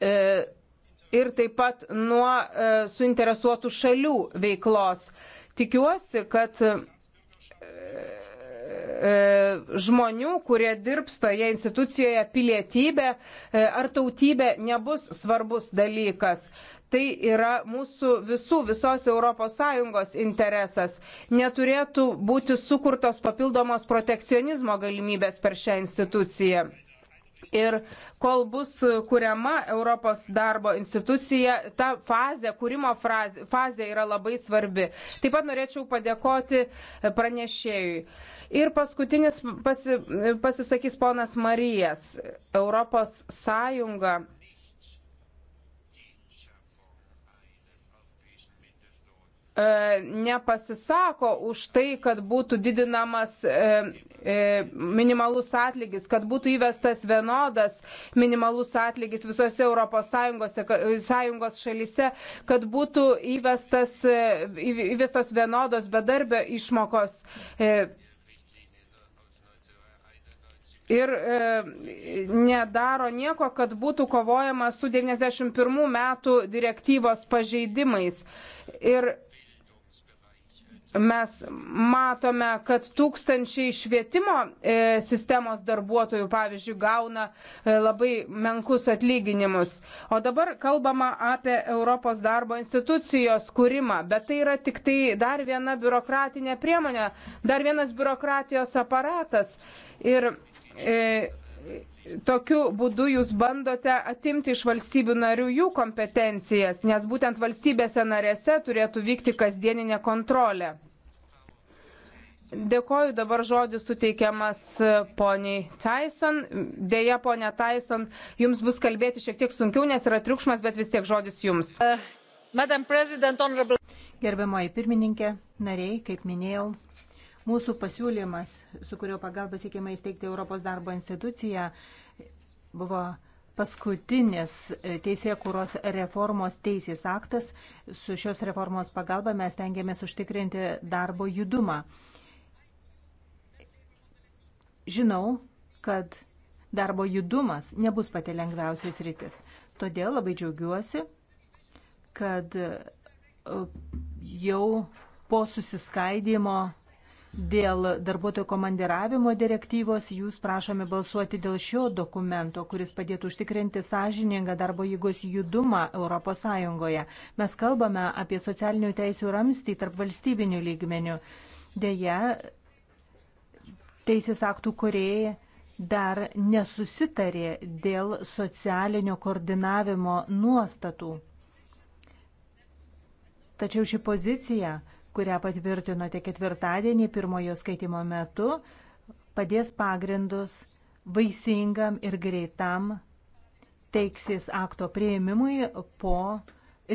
E, ir taip pat nuo e, suinteresuotų šalių veiklos. Tikiuosi, kad e, žmonių, kurie dirbs toje institucijoje pilietybė ar tautybė nebus svarbus dalykas. Tai yra mūsų visų, visos ES interesas. Neturėtų būti sukurtos papildomos protekcionizmo galimybės per šią instituciją. Ir kol bus kuriama Europos darbo institucija, ta fazė, kūrimo frazė, fazė yra labai svarbi. Taip pat norėčiau padėkoti pranešėjui. Ir paskutinis pasi, pasisakys ponas Marijas. Europos Sąjunga. E, nepasisako už tai, kad būtų didinamas e, E, minimalus atlygis, kad būtų įvestas vienodas minimalus atlygis visose ES sąjungos šalise, kad būtų įvestas, e, įvestos vienodos bedarbio išmokos. E, ir e, nedaro nieko, kad būtų kovojama su 91 metų direktyvos pažeidimais. Ir mes matome, kad tūkstančiai švietimo e, sistemos darbuotojų, pavyzdžiui, gauna e, labai menkus atlyginimus. O dabar kalbama apie Europos darbo institucijos kūrimą, bet tai yra tik tai dar viena biurokratinė priemonė, dar vienas biurokratijos aparatas. Ir e, tokiu būdu jūs bandote atimti iš valstybių narių jų kompetencijas, nes būtent valstybėse narėse turėtų vykti kasdieninė kontrolė. Dėkoju, dabar žodis suteikiamas e, poniai Tyson. Deja, ponia Tyson, jums bus kalbėti šiek tiek sunkiau, nes yra triukšmas, bet vis tiek žodis jums. Uh, Gerbiamoji pirmininkė, nariai, kaip minėjau, Mūsų pasiūlymas, su kurio pagalba siekime įsteigti Europos darbo instituciją, buvo paskutinis e, teisėkūros reformos teisės aktas. Su šios reformos pagalba mes tengiamės užtikrinti darbo judumą. Žinau, kad darbo judumas nebus pati lengviausias rytis. Todėl labai džiaugiuosi, kad e, jau po susiskaidimo Dėl darbuotojų komandiravimo direktyvos jūs prašome balsuoti dėl šio dokumento, kuris padėtų užtikrinti sąžiningą darbo jėgos judumą ES. Mes kalbame apie socialinių teisių ramstį tarp valstybinių lygmenių. Deja, teisės aktų kurieji dar nesusitarė dėl socialinio koordinavimo nuostatų. Tačiau ši pozicija kurią patvirtinote ketvirtadienį pirmojo skaitimo metu, padės pagrindus vaisingam ir greitam teiksis akto prieimimui po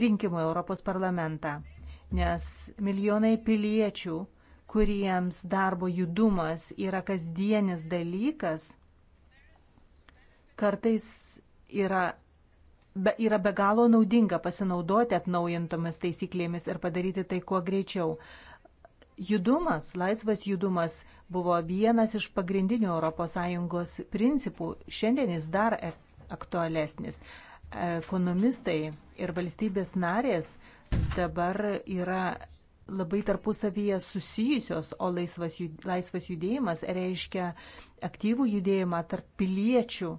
rinkimų Europos parlamentą. Nes milijonai piliečių, kuriems darbo judumas yra kasdienis dalykas, kartais yra be, yra be galo naudinga pasinaudoti atnaujintomis taisyklėmis ir padaryti tai kuo greičiau. Judumas, laisvas judumas buvo vienas iš pagrindinių ES principų, šiandien jis dar e, aktualesnis. Ekonomistai ir valstybės narės dabar yra labai tarpusavyje susijusios, o laisvas, laisvas judėjimas reiškia aktyvų judėjimą tarp piliečių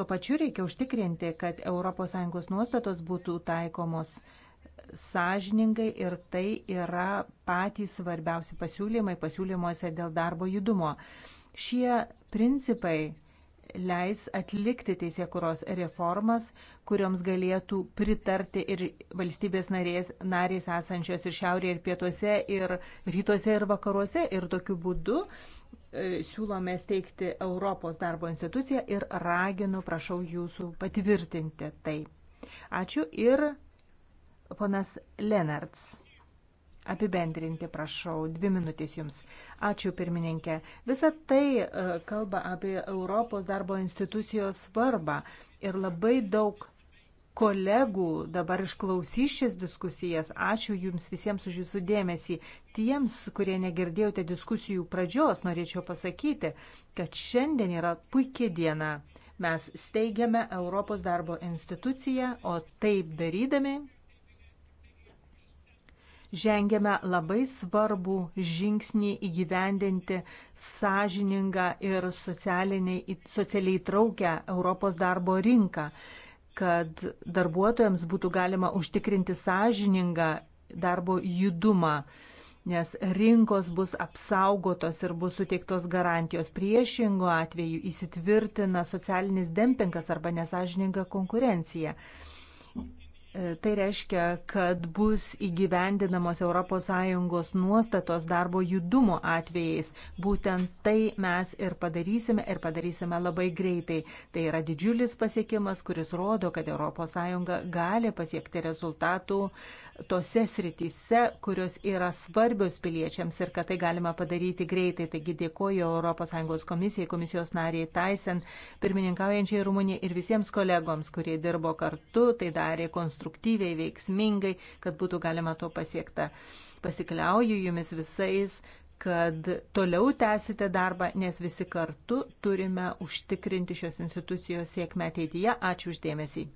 Tuo pačiu reikia užtikrinti, kad ES nuostatos būtų taikomos sąžiningai ir tai yra patys svarbiausi pasiūlymai pasiūlymuose dėl darbo judumo. Šie principai leis atlikti teisėkuros reformas, kurioms galėtų pritarti ir valstybės narės, narės esančios ir šiaurėje, ir pietuose, ir rytuose, ir vakaruose. Ir tokiu būdu E, siūlome steigti Europos darbo instituciją ir raginu, prašau jūsų patvirtinti tai. Ačiū ir ponas Lenarts. Apibendrinti, prašau, dvi minutės jums. Ačiū, pirmininkė. Visa tai e, kalba apie Europos darbo institucijos svarbą ir labai daug kolegų dabar išklausys šias diskusijas. Ačiū Jums visiems už Jūsų dėmesį. Tiems, kurie negirdėjote diskusijų pradžios, norėčiau pasakyti, kad šiandien yra puikia diena. Mes steigiame Europos darbo instituciją, o taip darydami žengėme labai svarbų žingsnį įgyvendinti sąžiningą ir socialiai įtraukę Europos darbo rinką kad darbuotojams būtų galima užtikrinti sąžiningą darbo judumą, nes rinkos bus apsaugotos ir bus suteiktos garantijos. Priešingo atveju įsitvirtina socialinis dempingas arba nesažininga konkurencija. E, tai reiškia, kad bus įgyvendinamos ES nuostatos darbo judumo atvejais. Būtent tai mes ir padarysime ir padarysime labai greitai. Tai yra didžiulis pasiekimas, kuris rodo, kad ES gali pasiekti rezultatų tose srityse, kurios yra svarbios piliečiams ir kad tai galima padaryti greitai. Taigi dėkoju ES komisijai, komisijos nariai Taisen, pirmininkaujančiai Rumunijai ir visiems kolegoms, kurie dirbo kartu, tai darė konstruktyviai konstruktyviai, veiksmingai, kad būtų galima to pasiekta. Pasikliauju jumis visais, kad toliau tęsite darbą, nes visi kartu turime užtikrinti šios institucijos sėkmę ateityje. Ačiū uždėmesį.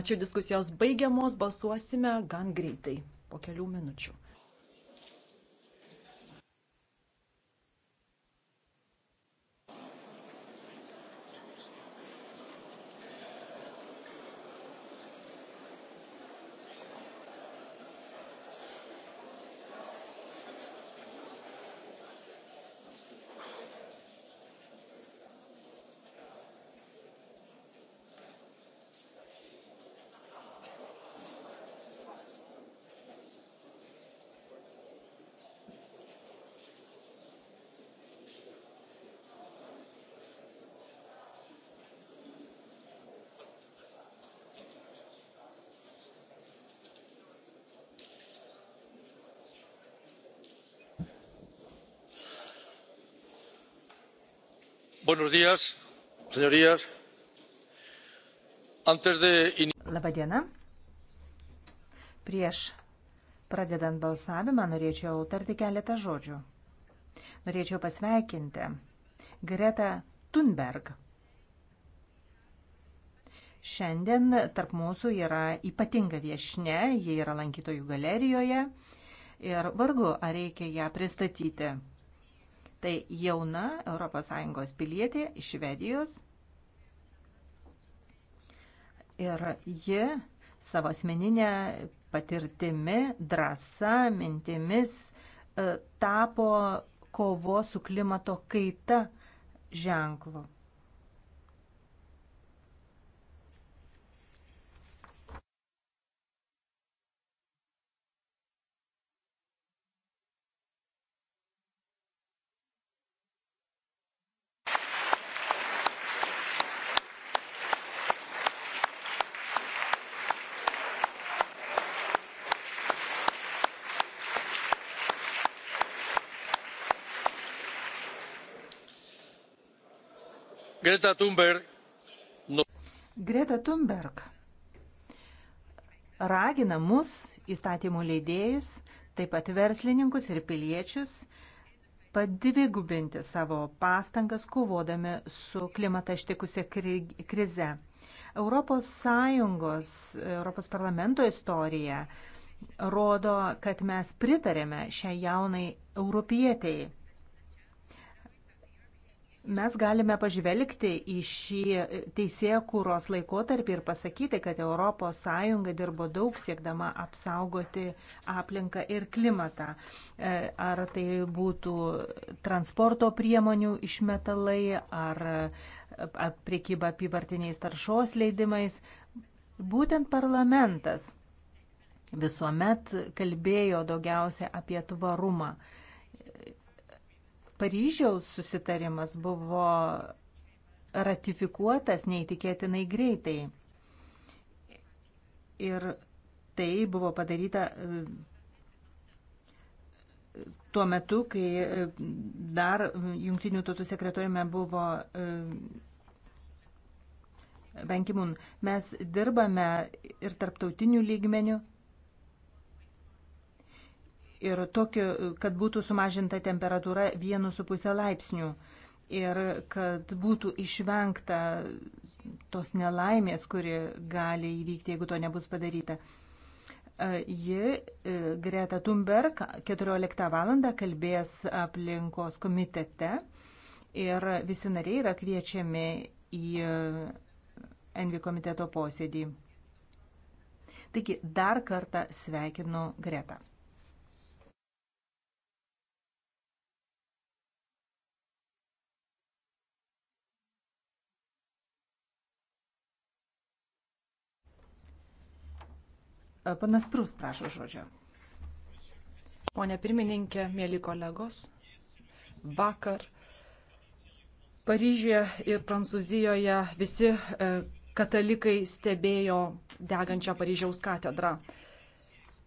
Ačiū diskusijos baigiamos, balsuosime gan greitai, po kelių minučių. Labą dieną. Prieš pradedant balsavimą norėčiau tarti keletą žodžių. Norėčiau pasveikinti Greta Thunberg. Šiandien tarp mūsų yra ypatinga viešne, ji yra lankytojų galerijoje ir vargu, ar reikia ją pristatyti. Tai jauna ES pilietė iš Švedijos ir ji savo asmeninę patirtimi, drąsa, mintimis e, tapo kovo su klimato kaita ženklu. Greta Thunberg. No... Nu- Greta Thunberg ragina mus, įstatymų leidėjus, taip pat verslininkus ir piliečius, padvigubinti savo pastangas kovodami su klimatą ištikusią krize. Europos Sąjungos, Europos parlamento istorija rodo, kad mes pritarėme šiai jaunai europietėjai. Mes galime pažvelgti į šį teisėją kūros laikotarpį ir pasakyti, kad ES dirbo daug siekdama apsaugoti aplinką ir klimatą. E, ar tai būtų transporto priemonių išmetalai, ar priekyba apivartiniais taršos leidimais. Būtent parlamentas visuomet kalbėjo daugiausia apie tvarumą. Paryžiaus susitarimas buvo ratifikuotas neįtikėtinai greitai. Ir tai buvo padaryta e, tuo metu, kai e, dar jungtinių tautų sekretoriume buvo e, Bankimun. Mes dirbame ir tarptautinių lygmenių, ir tokio, kad būtų sumažinta temperatūra 1,5 laipsnių ir kad būtų išvengta tos nelaimės, kuri gali įvykti, jeigu to nebus padaryta. E, ji e, Greta Thunberg 14 val. kalbės aplinkos komitete ir visi nariai yra kviečiami į e, Envi komiteto posėdį. Taigi dar kartą sveikinu Greta. E, panas Prus prašo žodžio. Pone pirmininkė, mėly kolegos, vakar Paryžiuje ir Prancūzijoje visi e, katalikai stebėjo degančią Paryžiaus katedrą.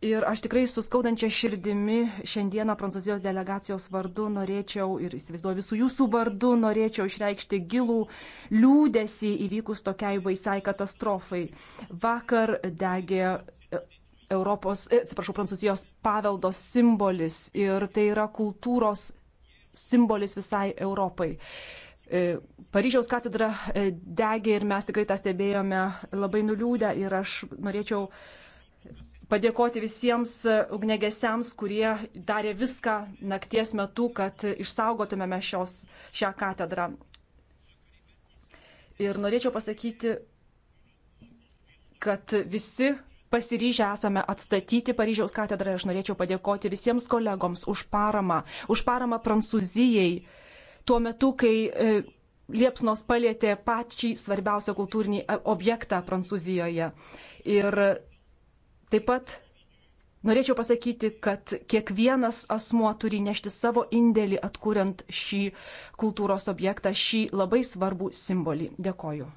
Ir aš tikrai suskaudančia širdimi šiandieną Prancūzijos delegacijos vardu norėčiau ir įsivaizduoju visų jūsų vardu norėčiau išreikšti gilų liūdėsi įvykus tokiai baisiai katastrofai. Vakar degė Europos, e, atsiprašau, Prancūzijos paveldo simbolis ir tai yra kultūros simbolis visai Europai. E, Paryžiaus katedra e, degė ir mes tikrai tą stebėjome labai nuliūdę ir aš norėčiau padėkoti visiems ugnegesiams, kurie darė viską nakties metu, kad išsaugotumėme šios, šią katedrą. Ir norėčiau pasakyti, kad visi pasiryžę esame atstatyti Paryžiaus katedrą ir aš norėčiau padėkoti visiems kolegoms už paramą, už paramą Prancūzijai. Tuo metu, kai e, Liepsnos palėtė pačią svarbiausią kultūrinį e, objektą Prancūzijoje. Ir taip pat norėčiau pasakyti, kad kiekvienas asmuo turi nešti savo indėlį atkuriant šį kultūros objektą, šį labai svarbų simbolį. Dėkoju.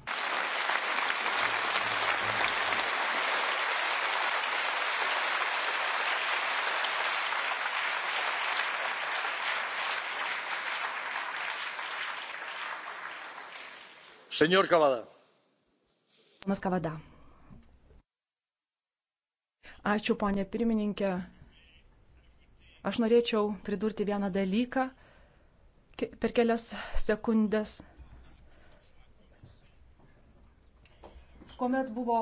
Senior Kavada. Ponas Kavada. Ačiū, ponė pirmininkė. Aš norėčiau pridurti vieną dalyką per kelias sekundės. Kuomet buvo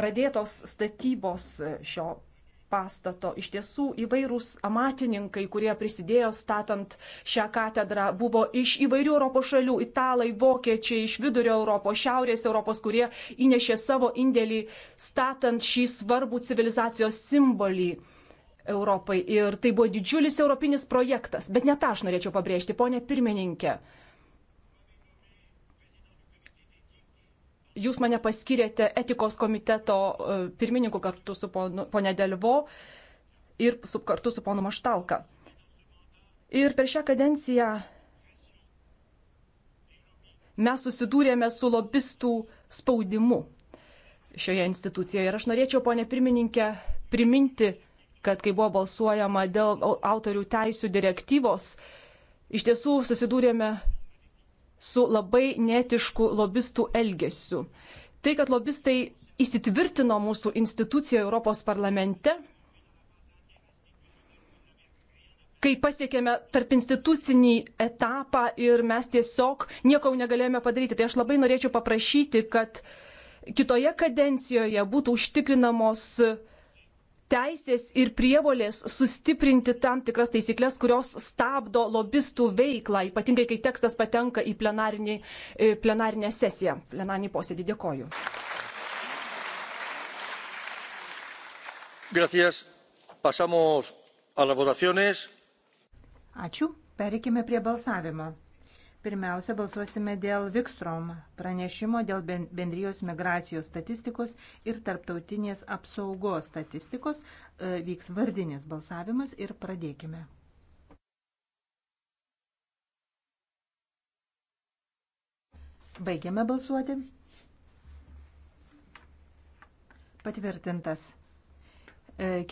pradėtos statybos šio pastato. Iš tiesų įvairūs amatininkai, kurie prisidėjo statant šią katedrą, buvo iš įvairių Europos šalių - italai, vokiečiai, iš vidurio Europos, šiaurės Europos, kurie įnešė savo indėlį statant šį svarbų civilizacijos simbolį. Europai. Ir tai buvo didžiulis europinis projektas, bet ne tą aš norėčiau pabrėžti, ponė pirmininkė. jūs mane paskirėte etikos komiteto e, pirmininku kartu su ponė Delvo ir su, kartu su ponu Maštalka. Ir per šią kadenciją mes susidūrėme su lobistų spaudimu šioje institucijoje. Ir aš norėčiau, ponė pirmininkė, priminti, kad kai buvo balsuojama dėl autorių teisų direktyvos, iš tiesų susidūrėme su labai netišku lobistų elgesiu. Tai, kad lobistai įsitvirtino mūsų instituciją Europos parlamente, kai pasiekėme tarp institucinį etapą ir mes tiesiog nieko negalėjome padaryti. Tai aš labai norėčiau paprašyti, kad kitoje kadencijoje būtų užtikrinamos uh, teisės ir prievolės sustiprinti tam tikras taisyklės, kurios stabdo lobistų veiklą, ypatingai kai tekstas patenka į plenarinį, e, plenarinę sesiją, plenarinį posėdį. Dėkoju. Gracias. Pasamos a las votaciones. Ačiū. Pereikime prie balsavimo. Pirmiausia, balsuosime dėl Vikstrom pranešimo dėl bendrijos migracijos statistikos ir tarptautinės apsaugos statistikos. E, vyks vardinis balsavimas ir pradėkime. Baigiame balsuoti. Patvirtintas.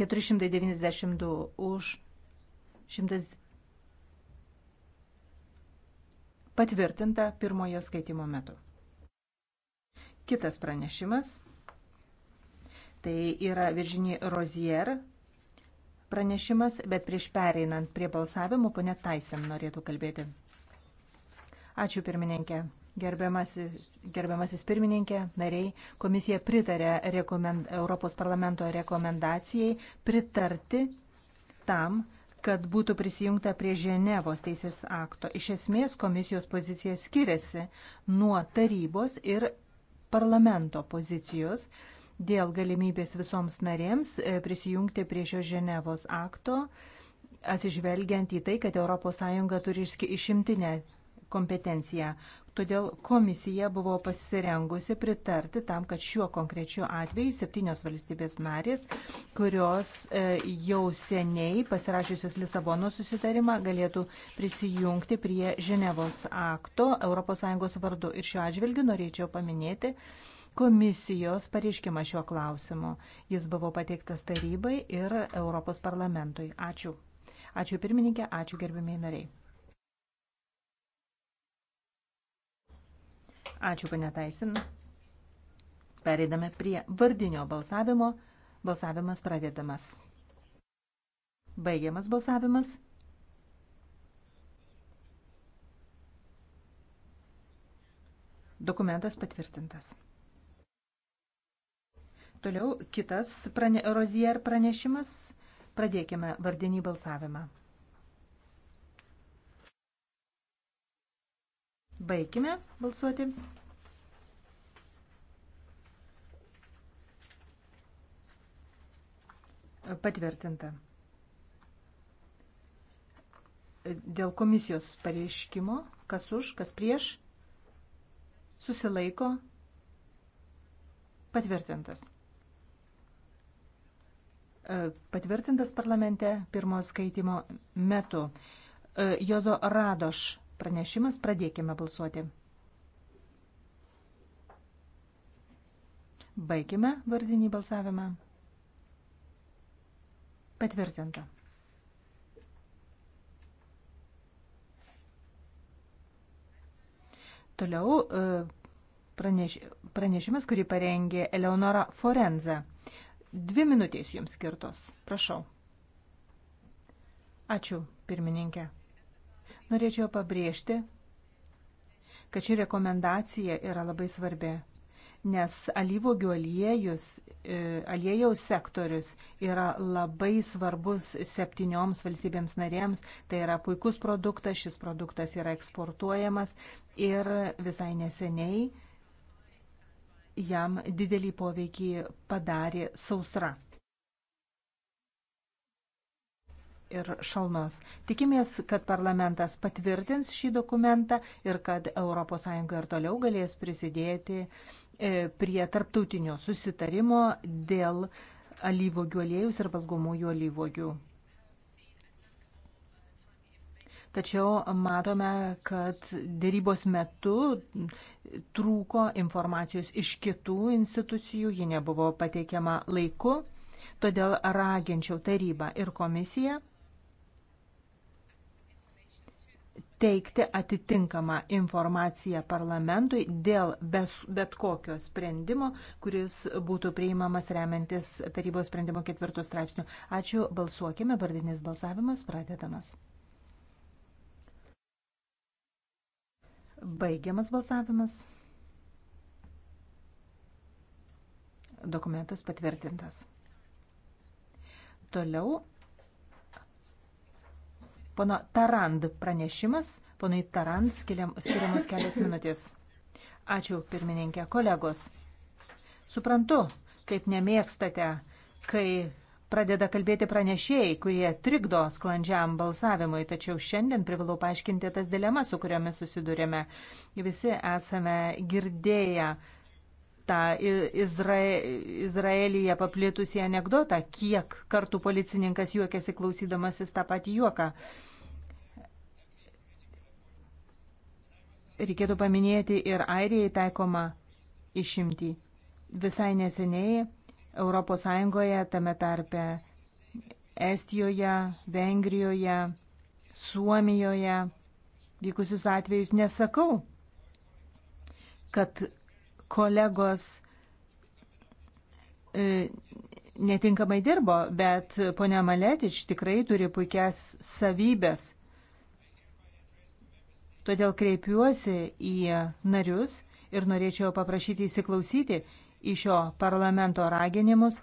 492 e, už 100. patvirtinta pirmojo skaitimo metu. Kitas pranešimas. Tai yra Viržinį Rozier pranešimas, bet prieš pereinant prie balsavimo, ponė Taisen norėtų kalbėti. Ačiū pirmininkė. Gerbiamasi, gerbiamasis pirmininkė, nariai, komisija pritarė rekomend, Europos parlamento rekomendacijai pritarti tam, kad būtų prisijungta prie Ženevos teisės akto. Iš esmės komisijos pozicija skiriasi nuo tarybos ir parlamento pozicijos dėl galimybės visoms narėms e, prisijungti prie šio Ženevos akto, atsižvelgiant į tai, kad ES turi išimtinę kompetencija. Todėl komisija buvo pasirengusi pritarti tam, kad šiuo konkrečiu atveju septynios valstybės narės, kurios e, jau seniai pasirašiusios Lisabono susitarimą, galėtų prisijungti prie Ženevos akto ES vardu. Ir šiuo atžvilgiu norėčiau paminėti komisijos pareiškimą šiuo klausimu. Jis buvo pateiktas tarybai ir Europos parlamentui. Ačiū. Ačiū pirmininkė, ačiū gerbimiai nariai. Ačiū, pane Taisin. Pereidame prie vardinio balsavimo. Balsavimas pradedamas. Baigiamas balsavimas. Dokumentas patvirtintas. Toliau kitas prane, Rozier pranešimas. Pradėkime vardinį balsavimą. Baigime balsuoti. Patvirtinta. Dėl komisijos pareiškimo, kas už, kas prieš, susilaiko, patvirtintas. Patvirtintas parlamente pirmo skaitimo metu. Jozo Radoš pranešimas. Pradėkime balsuoti. Baigime vardinį balsavimą. Patvirtinta. Toliau e, praneš, pranešimas, kurį parengė Eleonora Forenza. Dvi minutės jums skirtos. Prašau. Ačiū, pirmininkė. Norėčiau pabrėžti, kad ši rekomendacija yra labai svarbi, nes alyvogių aliejus, e, aliejaus sektorius yra labai svarbus septynioms valstybėms narėms. Tai yra puikus produktas, šis produktas yra eksportuojamas ir visai neseniai jam didelį poveikį padarė sausra. ir šalnos. Tikimės, kad parlamentas patvirtins šį dokumentą ir kad ES ir toliau galės prisidėti e, prie tarptautinio susitarimo dėl alyvogių aliejus ir valgomųjų alyvogių. Tačiau matome, kad dėrybos metu trūko informacijos iš kitų institucijų, ji nebuvo pateikiama laiku. Todėl raginčiau tarybą ir komisiją teikti atitinkamą informaciją parlamentui dėl bes, bet kokio sprendimo, kuris būtų priimamas remiantis tarybos sprendimo ketvirtų straipsnių. Ačiū, balsuokime, vardinis balsavimas pradedamas. Baigiamas balsavimas. Dokumentas patvirtintas. Toliau Pono Tarand pranešimas, ponui Tarand skiriamos kelios minutės. Ačiū, pirmininkė, kolegos. Suprantu, kaip nemėgstate, kai pradeda kalbėti pranešėjai, kurie trikdo sklandžiam balsavimui, tačiau šiandien privalau paaiškinti tas dilemas, su kuriomis susidurėme. Visi esame girdėję tą Izra Izraelyje paplitusį anegdotą, kiek kartų policininkas juokėsi klausydamasis tą patį juoką. reikėtų paminėti ir Airijai taikomą išimtį. Visai neseniai ES tame tarpe Estijoje, Vengrijoje, Suomijoje vykusius atvejus nesakau, kad kolegos e, netinkamai dirbo, bet ponia Maletič tikrai turi puikias savybės Todėl kreipiuosi į narius ir norėčiau paprašyti įsiklausyti į šio parlamento raginimus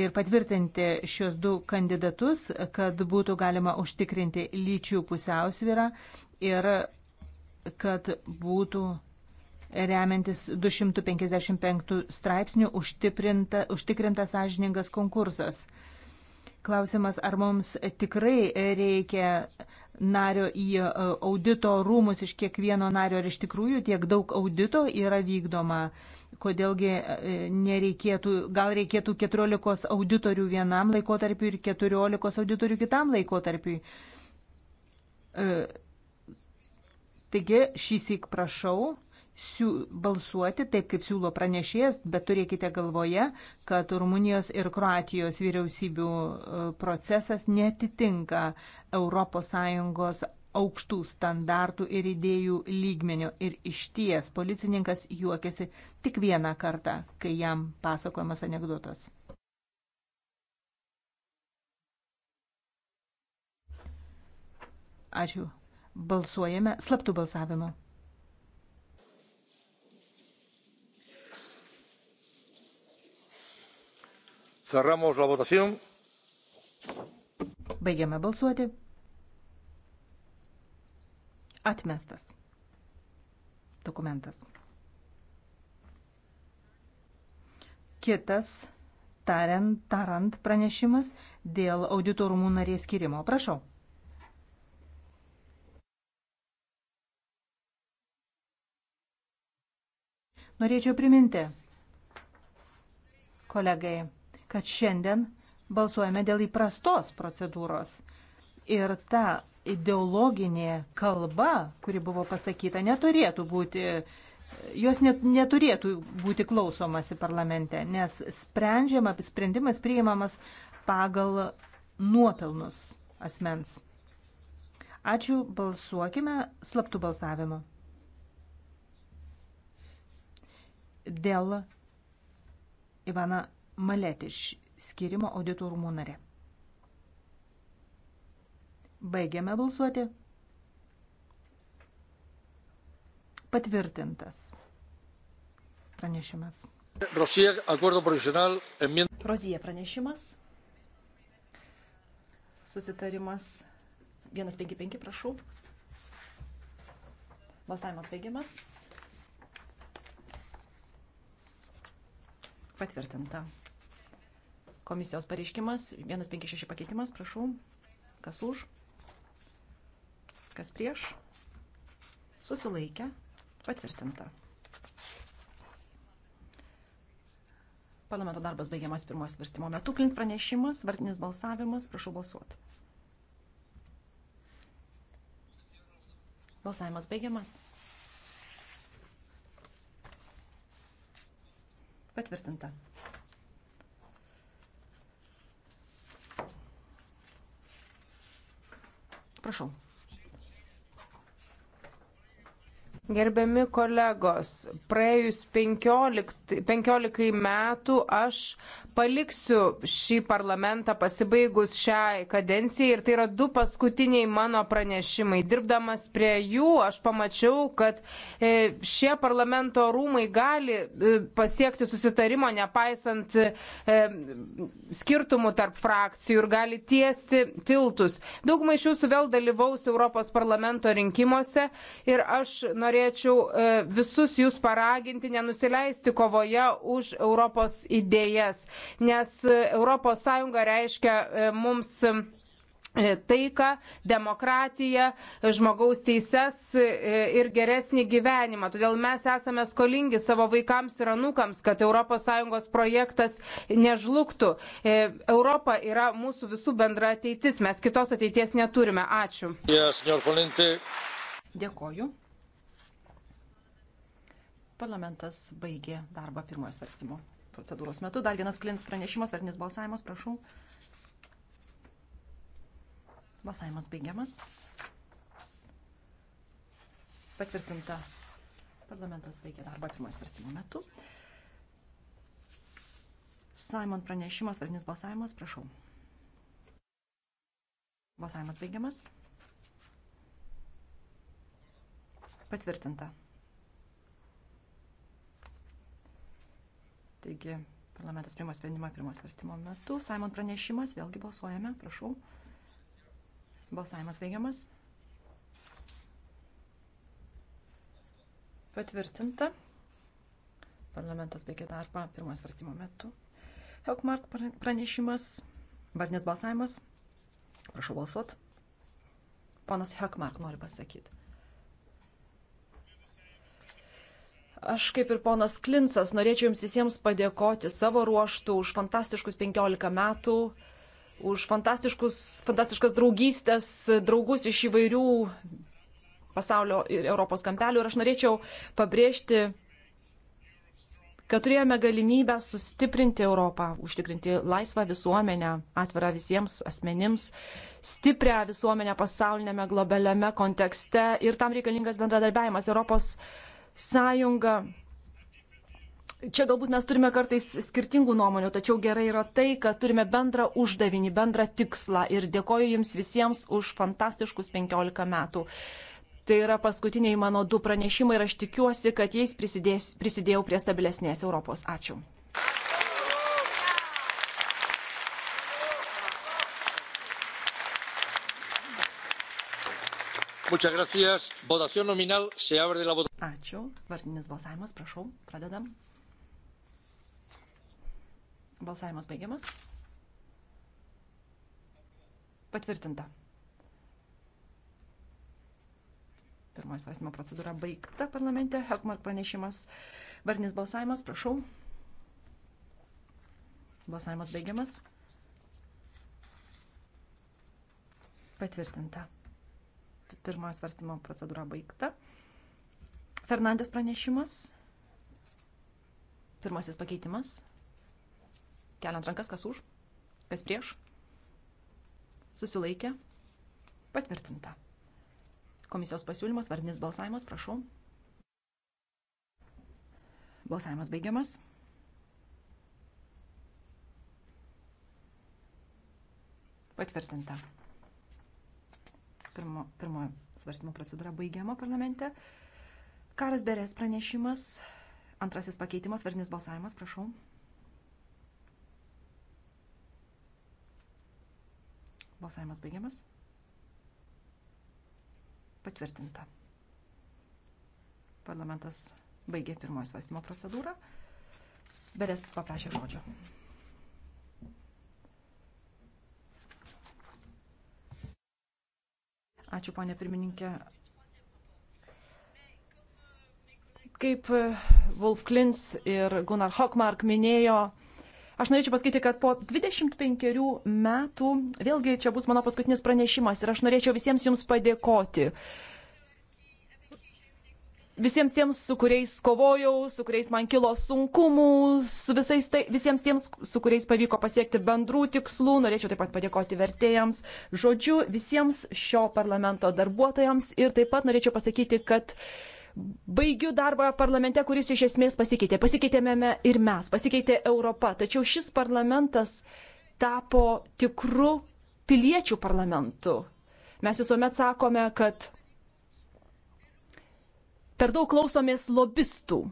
ir patvirtinti šios du kandidatus, kad būtų galima užtikrinti lyčių pusiausvyrą ir kad būtų remiantis 255 straipsnių užtikrinta, užtikrintas sąžiningas konkursas. Klausimas, ar mums tikrai reikia nario į e, audito rūmus iš kiekvieno nario, ar iš tikrųjų tiek daug audito yra vykdoma, kodėlgi e, nereikėtų, gal reikėtų 14 auditorių vienam laikotarpiu ir 14 auditorių kitam laikotarpiu. E, taigi, šį sėk prašau siū, balsuoti taip, kaip siūlo pranešėjas, bet turėkite galvoje, kad Rumunijos ir Kroatijos vyriausybių e, procesas netitinka ES aukštų standartų ir idėjų lygmenio. Ir iš ties policininkas juokiasi tik vieną kartą, kai jam pasakojamas anegdotas. Ačiū. Balsuojame slaptų balsavimu. Cerramos la votación. Baigiame balsuoti. Atmestas. Dokumentas. Kitas tariant, tarant pranešimas dėl auditorumų narės skirimo. Prašau. Norėčiau priminti, kolegai, kad šiandien balsuojame dėl įprastos procedūros. Ir ta ideologinė kalba, kuri buvo pasakyta, neturėtų būti, jos net, neturėtų būti klausomasi parlamente, nes sprendžiama, sprendimas priimamas pagal nuopelnus asmens. Ačiū, balsuokime slaptų balsavimo. Dėl Ivana Maletiš skirimo audito rūmų narė. Baigiame balsuoti. Patvirtintas pranešimas. Rozija pranešimas. Susitarimas 155, prašau. Balsavimas baigiamas. Patvirtinta. Komisijos pareiškimas, 156 pakeitimas, prašau. Kas už? Kas prieš? Susilaikę. Patvirtinta. Parlamento darbas baigiamas pirmos svarstymo metu. Klins pranešimas, vardinis balsavimas. Prašau balsuoti. Balsavimas baigiamas. Patvirtinta. Prašau. Gerbiami kolegos, praėjus 15, 15 metų aš paliksiu šį parlamentą pasibaigus šiai kadencijai ir tai yra du paskutiniai mano pranešimai. Dirbdamas prie jų aš pamačiau, kad e, šie parlamento rūmai gali e, pasiekti susitarimo nepaisant e, skirtumų tarp frakcijų ir gali tiesti tiltus. Daugumai iš jūsų vėl dalyvaus Europos parlamento rinkimuose ir aš norėčiau norėčiau e, visus jūs paraginti nenusileisti kovoje už Europos idėjas, nes ES reiškia e, mums e, taiką, demokratiją, žmogaus teises ir geresnį gyvenimą. Todėl mes esame skolingi savo vaikams ir anūkams, kad ES projektas nežlugtų. Europa yra mūsų visų bendra ateitis, mes kitos ateities neturime. Ačiū. Yes, Dėkoju. Parlamentas baigė darbą pirmojo svarstymo procedūros metu. Dar vienas klins pranešimas, arnis balsavimas, prašau. Balsavimas baigiamas. Patvirtinta. Parlamentas baigė darbą pirmojo svarstymo metu. Simon pranešimas, arnis balsavimas, prašau. Balsavimas baigiamas. Patvirtinta. Taigi, parlamentas priima sprendimą pirmo svarstymo metu. Simon pranešimas, vėlgi balsuojame, prašau. Balsavimas baigiamas. Patvirtinta. Parlamentas baigė darbą pirmo svarstymo metu. Helkmark pranešimas, varnės balsavimas. Prašau balsuot. Ponas Helkmark nori pasakyti. Aš kaip ir ponas Klinsas norėčiau Jums visiems padėkoti savo ruoštų už fantastiškus 15 metų, už fantastiškas draugystės, draugus iš įvairių pasaulio ir Europos kampelių. Ir aš norėčiau pabrėžti, kad turėjome galimybę sustiprinti Europą, užtikrinti laisvą visuomenę, atvirą visiems asmenims, stiprią visuomenę pasaulinėme globaliame kontekste. Ir tam reikalingas bendradarbiavimas. Europos sąjunga. Čia galbūt mes turime kartais skirtingų nuomonių, tačiau gerai yra tai, kad turime bendrą uždavinį, bendrą tikslą ir dėkoju Jums visiems už fantastiškus 15 metų. Tai yra paskutiniai mano du pranešimai ir aš tikiuosi, kad jais prisidės, prisidėjau prie stabilesnės Europos. Ačiū. Ačiū. Vardinis balsavimas, prašau, pradedam. Balsavimas baigiamas. Patvirtinta. Pirmoji svarstymo procedūra baigta parlamente. Hekmark pranešimas. Vardinis balsavimas, prašau. Balsavimas baigiamas. Patvirtinta. Pirmojo svarstymo procedūra baigta. Fernandės pranešimas. Pirmasis pakeitimas. Keliant rankas, kas už, kas prieš. Susilaikė. Patvirtinta. Komisijos pasiūlymas, vardinis balsavimas, prašau. Balsavimas baigiamas. Patvirtinta. Pirmo, pirmojo svarstymo procedūra baigiama parlamente. Karas Berės pranešimas. Antrasis pakeitimas, vardinis balsavimas, prašau. Balsavimas baigiamas. Patvirtinta. Parlamentas baigė pirmojo svarstymo procedūrą. Berės paprašė žodžio. Ačiū, ponė pirmininkė. Kaip Wolf Klins ir Gunnar Hockmark minėjo, aš norėčiau pasakyti, kad po 25 metų, vėlgi čia bus mano paskutinis pranešimas ir aš norėčiau visiems jums padėkoti. Uh, visiems tiems, su kuriais kovojau, su kuriais man kilo sunkumų, su visais tai, visiems tiems, su kuriais pavyko pasiekti bendrų tikslų. Norėčiau taip pat padėkoti vertėjams, žodžiu, visiems šio parlamento darbuotojams ir taip pat norėčiau pasakyti, kad Baigiu darbą parlamente, kuris iš esmės pasikeitė. Pasikeitėme ir mes, pasikeitė Europa. Tačiau šis parlamentas tapo tikru piliečių parlamentu. Mes visuomet sakome, kad per daug klausomės lobistų.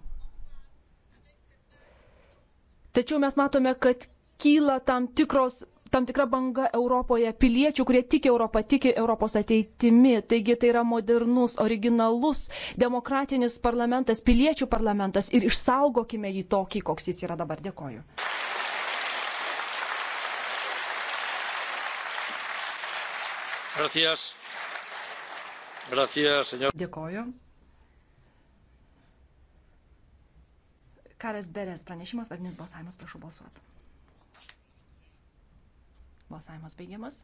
Tačiau mes matome, kad kyla tam, tikros, tam tikra banga Europoje piliečių, kurie tiki Europą, tiki Europos ateitimi. Taigi tai yra modernus, originalus, demokratinis parlamentas, piliečių parlamentas ir išsaugokime jį tokį, koks jis yra dabar. Dėkoju. Gracias. Gracias, señor. Dėkoju. Karas Berės pranešimas, vardinis balsavimas, prašau balsuoti. Balsavimas baigiamas.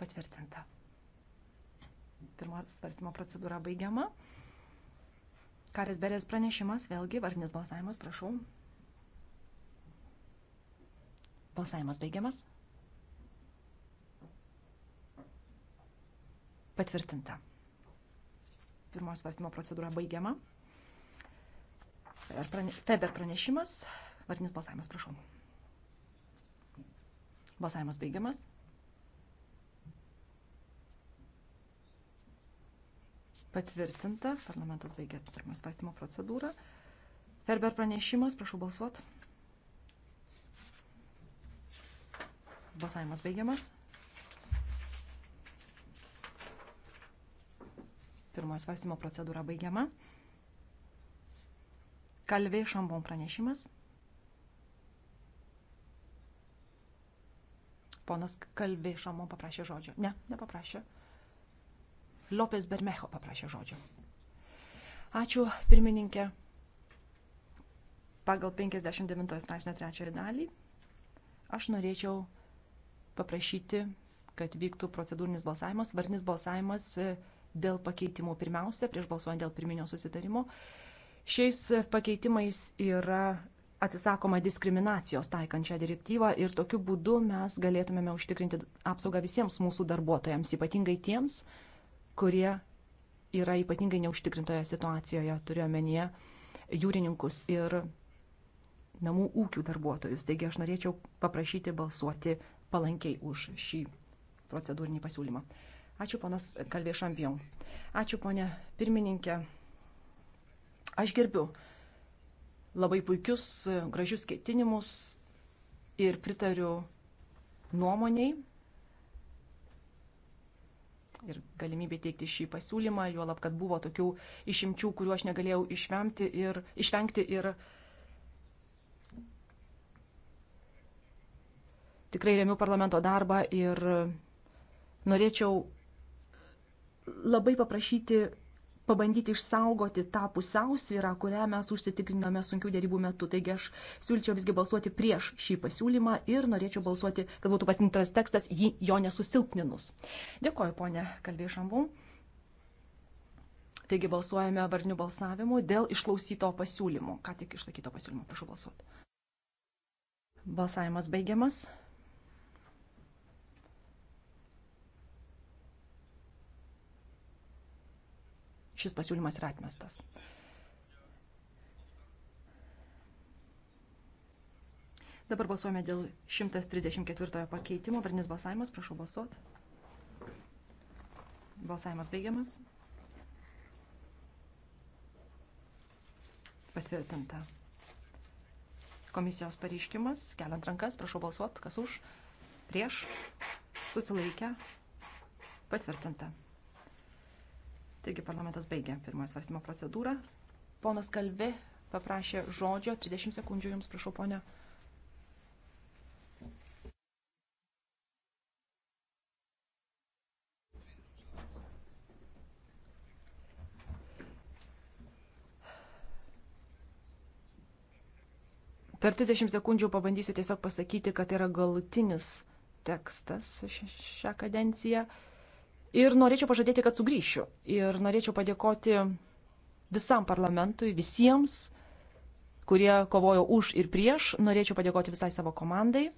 Patvirtinta. Pirmo svarstymo procedūra baigiama. Karis Berės pranešimas, vėlgi vardinis balsavimas, prašau. Balsavimas baigiamas. Patvirtinta. Pirmoji svarstymo procedūra baigiama. Prane, Feber pranešimas. Vardinis balsavimas, prašau. Balsavimas baigiamas. Patvirtinta. Parlamentas baigė pirmą svarstymo procedūrą. Ferber pranešimas. Prašau balsuot. Balsavimas baigiamas. Pirmojo svarstymo procedūra baigiama. Kalvė Šambon pranešimas. Ponas Kalvė Šambon paprašė žodžio. Ne, nepaprašė. Lopes Bermejo paprašė žodžio. Ačiū, pirmininkė. Pagal 59 straipsnio trečiąją dalį aš norėčiau paprašyti, kad vyktų procedūrinis balsavimas, varnis balsavimas. E, dėl pakeitimų. Pirmiausia, prieš balsuojant dėl pirminio susitarimo, šiais pakeitimais yra atsisakoma diskriminacijos taikant šią direktyvą ir tokiu būdu mes galėtumėme užtikrinti apsaugą visiems mūsų darbuotojams, ypatingai tiems, kurie yra ypatingai neužtikrintoje situacijoje, turiuomenyje jūrininkus ir namų ūkių darbuotojus. Taigi aš norėčiau paprašyti balsuoti palankiai už šį procedūrinį pasiūlymą. Ačiū, ponas Kalvė Šampion. Ačiū, ponė pirmininkė. Aš gerbiu labai puikius, gražius ketinimus ir pritariu nuomoniai ir galimybė teikti šį pasiūlymą, juolab, kad buvo tokių išimčių, kuriuo aš negalėjau išvengti ir, išvengti ir tikrai remiu parlamento darbą ir norėčiau labai paprašyti pabandyti išsaugoti tą pusiausvyrą, kurią mes užsitikrinome sunkių dėrybų metu. Taigi aš siūlyčiau visgi balsuoti prieš šį pasiūlymą ir norėčiau balsuoti, kad būtų patintas tekstas, jį, jo nesusilpninus. Dėkoju, ponė Kalbėjai Šambum. Taigi balsuojame varnių balsavimu dėl išklausyto pasiūlymo. Ką tik išsakyto pasiūlymo, prašau balsuoti. Balsavimas baigiamas. šis pasiūlymas yra atmestas. Dabar balsuojame dėl 134 pakeitimo. Varnis balsavimas, prašau balsuot. Balsavimas baigiamas. Patvirtinta. Komisijos pareiškimas, keliant rankas, prašau balsuot, kas už, prieš, susilaikę, patvirtinta. Taigi parlamentas baigė pirmojo svarstymo procedūrą. Ponas Kalvi paprašė žodžio. 30 sekundžių jums, prašau, ponia. Per 30 sekundžių pabandysiu tiesiog pasakyti, kad tai yra galutinis tekstas šią kadenciją. Ir norėčiau pažadėti, kad sugrįšiu. Ir norėčiau padėkoti visam parlamentui, visiems, kurie kovojo už ir prieš. Norėčiau padėkoti visai savo komandai.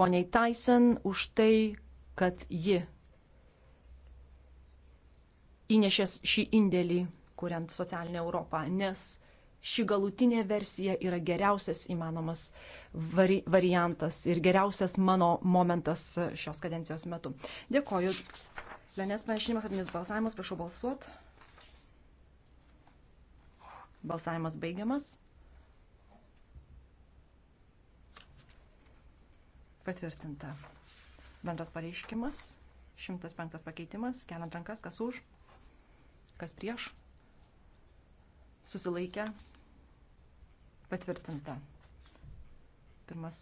Poniai Tyson už tai, kad ji įnešė šį indėlį, kuriant socialinę Europą, nes ši galutinė versija yra geriausias įmanomas vari, variantas ir geriausias mano momentas šios kadencijos metu. Dėkoju. Lenės pranešimas atinis balsavimas, prašau balsuot. Balsavimas baigiamas. Patvirtinta. Bendras pareiškimas. 105 pakeitimas. Keliant rankas, kas už, kas prieš. Susilaikę Patvirtinta. Pirmas,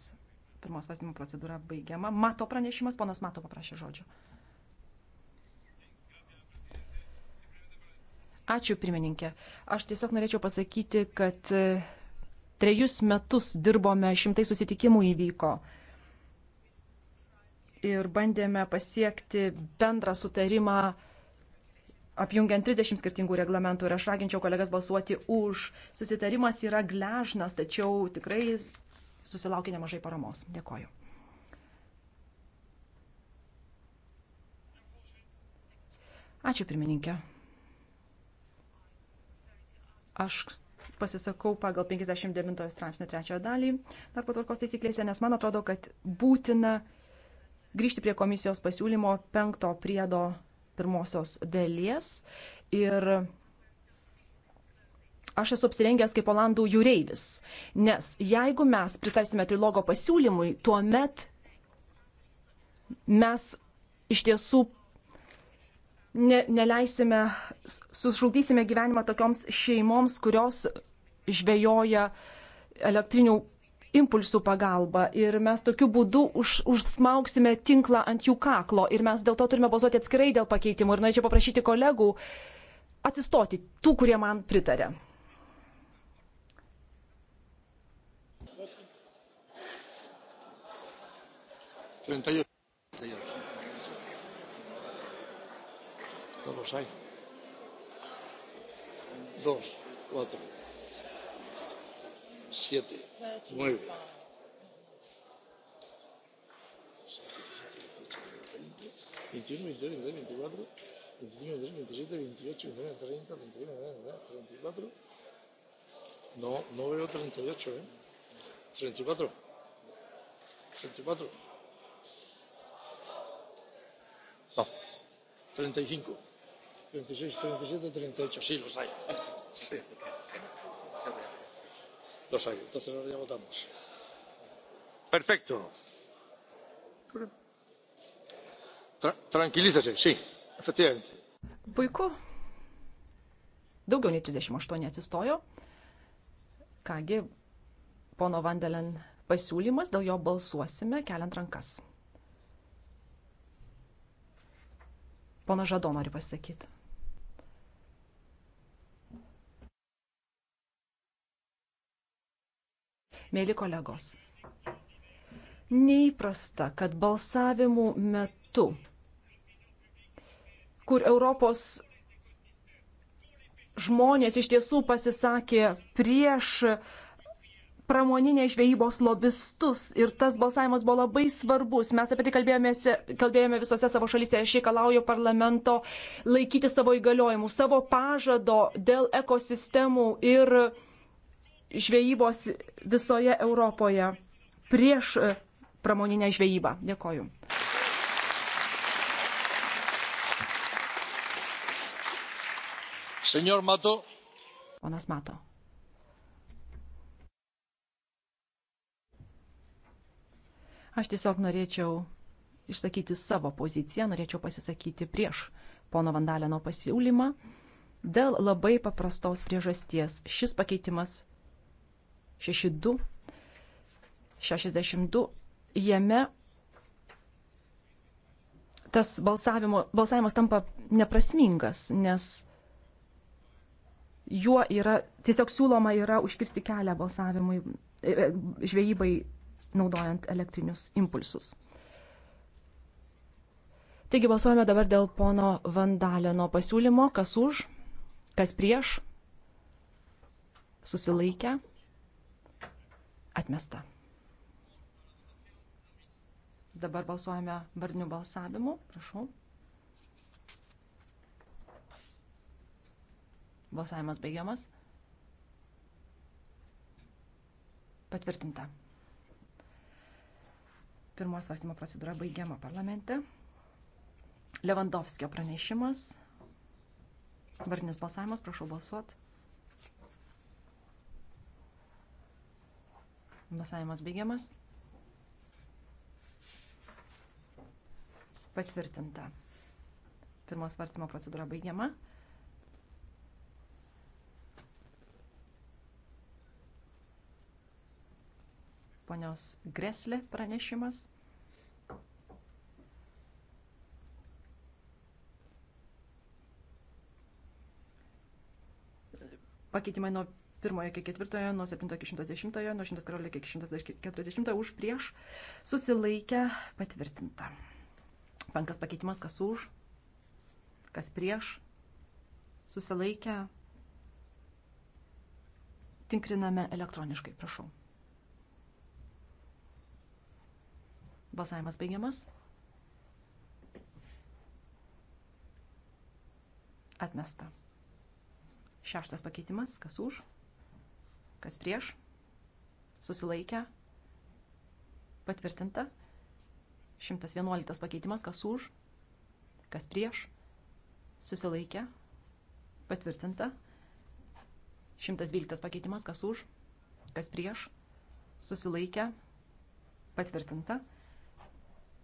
pirmos svarstymo procedūra baigiama. Mato pranešimas, ponas Mato paprašė žodžio. Ačiū, pirmininkė. Aš tiesiog norėčiau pasakyti, kad e, trejus metus dirbome, šimtai susitikimų įvyko ir bandėme pasiekti bendrą sutarimą apjungiant 30 skirtingų reglamentų ir aš raginčiau kolegas balsuoti už. Susitarimas yra gležnas, tačiau tikrai susilaukė nemažai paramos. Dėkoju. Ačiū pirmininkė. Aš pasisakau pagal 59 straipsnio trečią dalį darbo tvarkos taisyklėse, nes man atrodo, kad būtina grįžti prie komisijos pasiūlymo penkto priedo pirmosios dalies. Ir aš esu apsirengęs kaip Olandų jūreivis, nes jeigu mes pritarsime trilogo pasiūlymui, tuomet mes iš tiesų ne, neleisime, sužlugdysime gyvenimą tokioms šeimoms, kurios žvejoja elektrinių impulsų pagalba ir mes tokiu būdu už, užsmauksime tinklą ant jų kaklo ir mes dėl to turime balsuoti atskirai dėl pakeitimų ir norėčiau paprašyti kolegų atsistoti, tų, kurie man pritarė. Treinta y ocho. No los hay. Dos, cuatro siete nueve veintiuno veintidós veintitrés veinticuatro veinticinco veintiséis veintisiete veintiocho veintinueve treinta treinta y uno treinta y cuatro no no veo treinta y ocho eh treinta y cuatro treinta y cuatro no treinta y cinco treinta y seis treinta y siete treinta y ocho sí los hay sí los hay. Entonces ahora ya votamos. Perfecto. Tra tranquilícese, sí, efectivamente. Puiku. Daugiau nei 38 atsistojo. Kągi, pono Vandelen pasiūlymas, dėl jo balsuosime keliant rankas. Pana Žado nori pasakyti. Mėly kolegos, neįprasta, kad balsavimų metu, kur Europos žmonės iš tiesų pasisakė prieš pramoninės žvejybos lobistus ir tas balsavimas buvo labai svarbus. Mes apie tai kalbėjome, kalbėjome visose savo šalyse. Aš reikalauju parlamento laikyti savo įgaliojimų, savo pažado dėl ekosistemų ir uh, žvejybos visoje Europoje prieš e, pramoninę žvejybą. Dėkoju. Senor Mato. Ponas Mato. Aš tiesiog norėčiau išsakyti savo poziciją, norėčiau pasisakyti prieš pono Vandaleno pasiūlymą dėl labai paprastos priežasties. Šis pakeitimas 62, 62 jame tas balsavimas tampa neprasmingas, nes juo yra, tiesiog siūloma yra užkirsti kelią balsavimui, e, e, žvejybai naudojant elektrinius impulsus. Taigi balsuojame dabar dėl pono Vandaleno pasiūlymo, kas už, kas prieš, susilaikę. Atmesta. Dabar balsuojame vardiniu balsavimu. Prašau. Balsavimas baigiamas. Patvirtinta. Pirmos svarstymo procedūra baigiama parlamente. Levandovskio pranešimas. Vardinis balsavimas, prašau balsuoti. Balsavimas baigiamas. Patvirtinta. Pirmos svarstymo procedūra baigiama. Ponios Greslė pranešimas. Pakeitimai nuo 1 iki 4, nuo 7 iki 110, nuo 114 iki 140 už prieš susilaikę patvirtinta. Penktas pakeitimas, kas už, kas prieš, susilaikę. Tinkriname elektroniškai, prašau. Balsavimas baigiamas. Atmesta. Šeštas pakeitimas, kas už, Kas prieš? Susilaikę? Patvirtinta. 111 pakeitimas. Kas už? Kas prieš? Susilaikę? Patvirtinta. 112 pakeitimas. Kas už? Kas prieš? Susilaikę? Patvirtinta.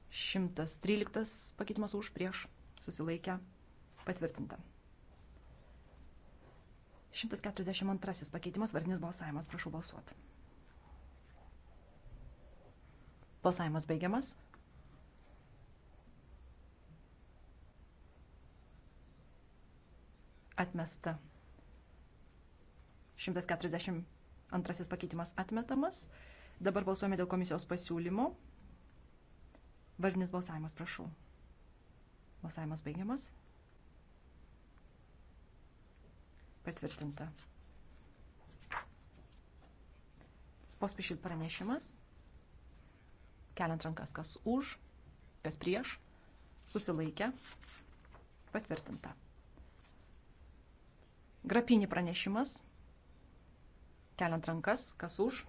113 pakeitimas už prieš susilaikę patvirtinta. 142 pakeitimas, vardinis balsavimas. Prašau balsuoti. Balsavimas baigiamas. Atmesta. 142 pakeitimas atmetamas. Dabar balsuojame dėl komisijos pasiūlymo. Vardinis balsavimas, prašau. Balsavimas baigiamas. Patvirtinta. Pospišil pranešimas. Keliant rankas, kas už, kas prieš, susilaikė. Patvirtinta. Grapinį pranešimas. Keliant rankas, kas už,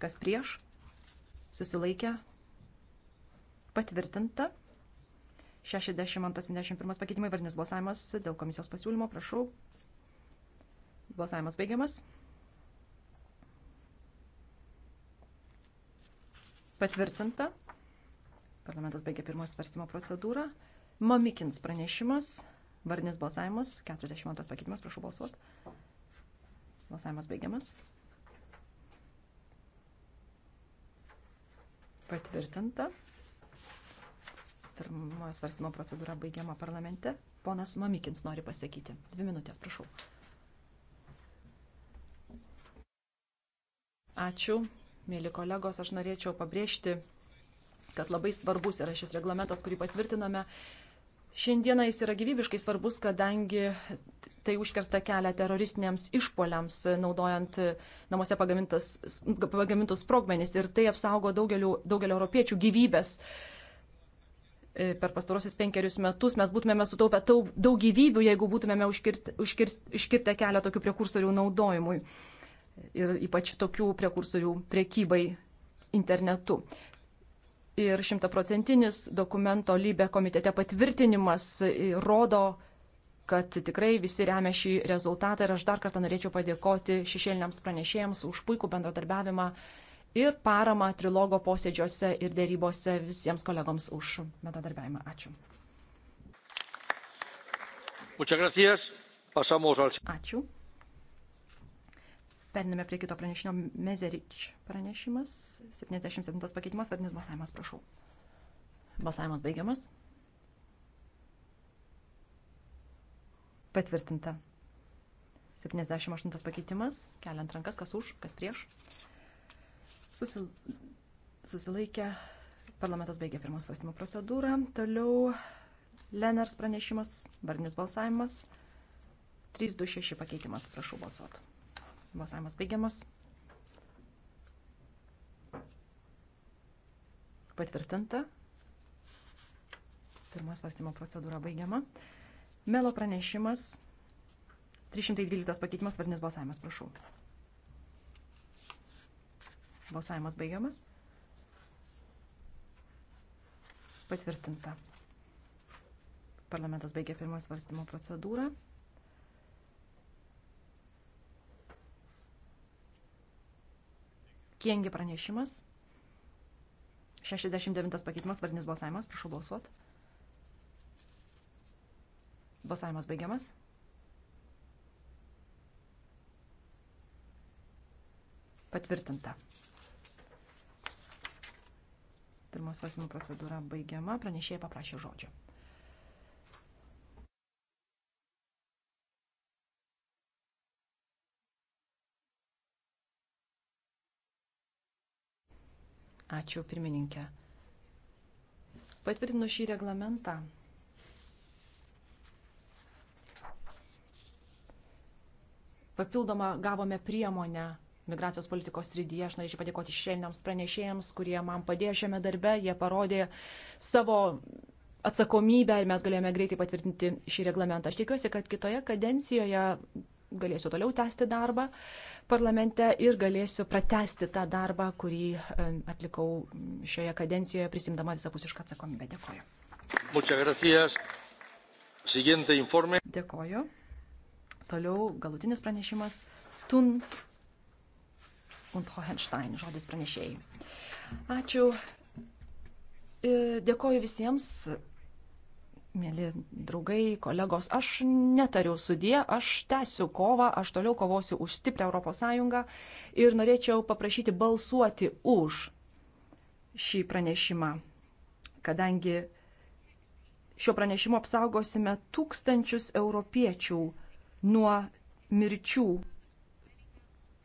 kas prieš, susilaikė. Patvirtinta. 62-71 pakeitimai vardinis balsavimas dėl komisijos pasiūlymo. Prašau, Balsavimas baigiamas. Patvirtinta. Parlamentas baigė pirmos svarstymo procedūrą. Mamikins pranešimas. Vardinis balsavimas. 42 pakeitimas. Prašau balsuoti. Balsavimas baigiamas. Patvirtinta. Pirmojo svarstymo procedūra baigiama parlamente. Ponas Mamikins nori pasakyti. Dvi minutės, prašau. Ačiū, mėly kolegos, aš norėčiau pabrėžti, kad labai svarbus yra šis reglamentas, kurį patvirtinome. Šiandieną jis yra gyvybiškai svarbus, kadangi tai užkersta kelią teroristiniams išpoliams, naudojant namuose pagamintus sprogmenis. Ir tai apsaugo daugelio, daugelio europiečių gyvybės. E, per pastarosius penkerius metus mes būtumėme sutaupę daug gyvybių, jeigu būtumėme užkirti, užkirti, užkirti kelią tokių prekursorių naudojimui ir ypač tokių prekursorių priekybai internetu. Ir šimtaprocentinis dokumento lybė komitete patvirtinimas e, rodo, kad tikrai visi remia šį rezultatą ir aš dar kartą norėčiau padėkoti šešėliniams pranešėjams už puikų bendradarbiavimą ir paramą trilogo posėdžiuose ir dėrybose visiems kolegoms už bendradarbiavimą. Ačiū. Ačiū. Periname prie kito pranešinio Mezerič pranešimas. 77 pakeitimas, vardinis balsavimas, prašau. Balsavimas baigiamas. Patvirtinta. 78 pakeitimas, keliant rankas, kas už, kas prieš. Susil... Susilaikę. Parlamentas baigė pirmos svarstymo procedūrą. Toliau Lenars pranešimas, vardinis balsavimas. 326 pakeitimas, prašau balsuoti. Balsavimas baigiamas. Patvirtinta. Pirmas svarstymo procedūra baigiama. Melo pranešimas. 312 pakeitimas, vardinis balsavimas, prašau. Balsavimas baigiamas. Patvirtinta. Parlamentas baigė pirmojo svarstymo procedūrą. Kiengi pranešimas. 69 pakeitimas, vardinis balsavimas, prašau balsuot. Balsavimas baigiamas. Patvirtinta. Pirmos svarstymo procedūra baigiama, pranešėjai paprašė žodžio. Ačiū, pirmininkė. Patvirtinu šį reglamentą. Papildomą gavome priemonę migracijos politikos srityje. Aš norėčiau padėkoti šiandienams pranešėjams, kurie man padėjo šiame darbe. Jie parodė savo atsakomybę ir mes galėjome greitai patvirtinti šį reglamentą. Aš tikiuosi, kad kitoje kadencijoje galėsiu toliau tęsti darbą. Uh, parlamente ir galėsiu pratesti tą darbą, kurį atlikau šioje kadencijoje, prisimdama visapusišką atsakomybę. Dėkoju. Dėkoju. Toliau galutinis pranešimas. Tun und Hohenstein, žodis pranešėjai. Ačiū. E, dėkoju visiems mėly draugai, kolegos, aš netariu sudie, aš tęsiu kovą, aš toliau kovosiu už stiprią ES ir norėčiau paprašyti balsuoti už šį pranešimą, kadangi šio pranešimo apsaugosime tūkstančius europiečių nuo mirčių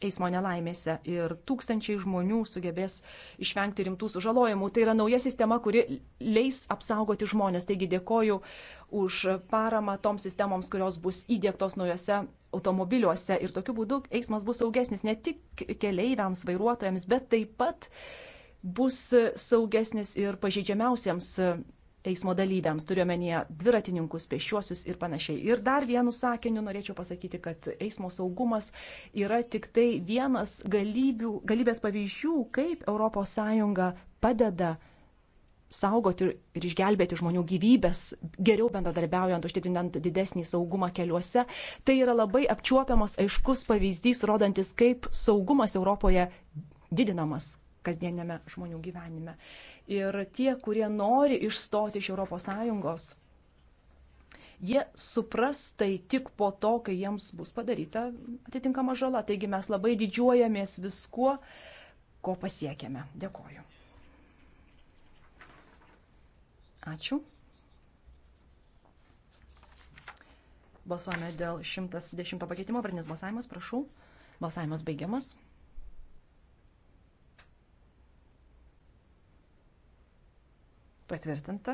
eismo nelaimėse ir tūkstančiai žmonių sugebės išvengti rimtų sužalojimų. Tai yra nauja sistema, kuri leis apsaugoti žmonės. Taigi dėkoju už paramą toms sistemoms, kurios bus įdėktos naujose automobiliuose ir tokiu būdu eismas bus saugesnis ne tik keleiviams, vairuotojams, bet taip pat bus saugesnis ir pažeidžiamiausiems eismo dalyviams, turiuomenėje dviratininkus, pešiuosius ir panašiai. Ir dar vienu sakiniu norėčiau pasakyti, kad eismo saugumas yra tik tai vienas galybių, galybės pavyzdžių, kaip ES padeda saugoti ir išgelbėti žmonių gyvybės, geriau bendradarbiaujant, užtikrinant didesnį saugumą keliuose. Tai yra labai apčiuopiamas, aiškus pavyzdys, rodantis, kaip saugumas Europoje didinamas kasdienėme žmonių gyvenime ir tie, kurie nori išstoti iš ES, jie supras tai tik po to, kai jiems bus padaryta atitinkama žala. Taigi mes labai didžiuojamės viskuo, ko pasiekėme. Dėkoju. Ačiū. Balsuojame dėl 110 pakeitimo, vardinis balsavimas, prašau. Balsavimas baigiamas. Patvirtinta.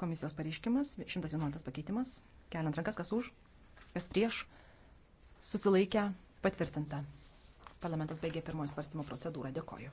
Komisijos pareiškimas, 111 pakeitimas. Keliant rankas, kas už, kas prieš. Susilaikę. Patvirtinta. Parlamentas baigė pirmojo svarstymo procedūrą. Dėkoju.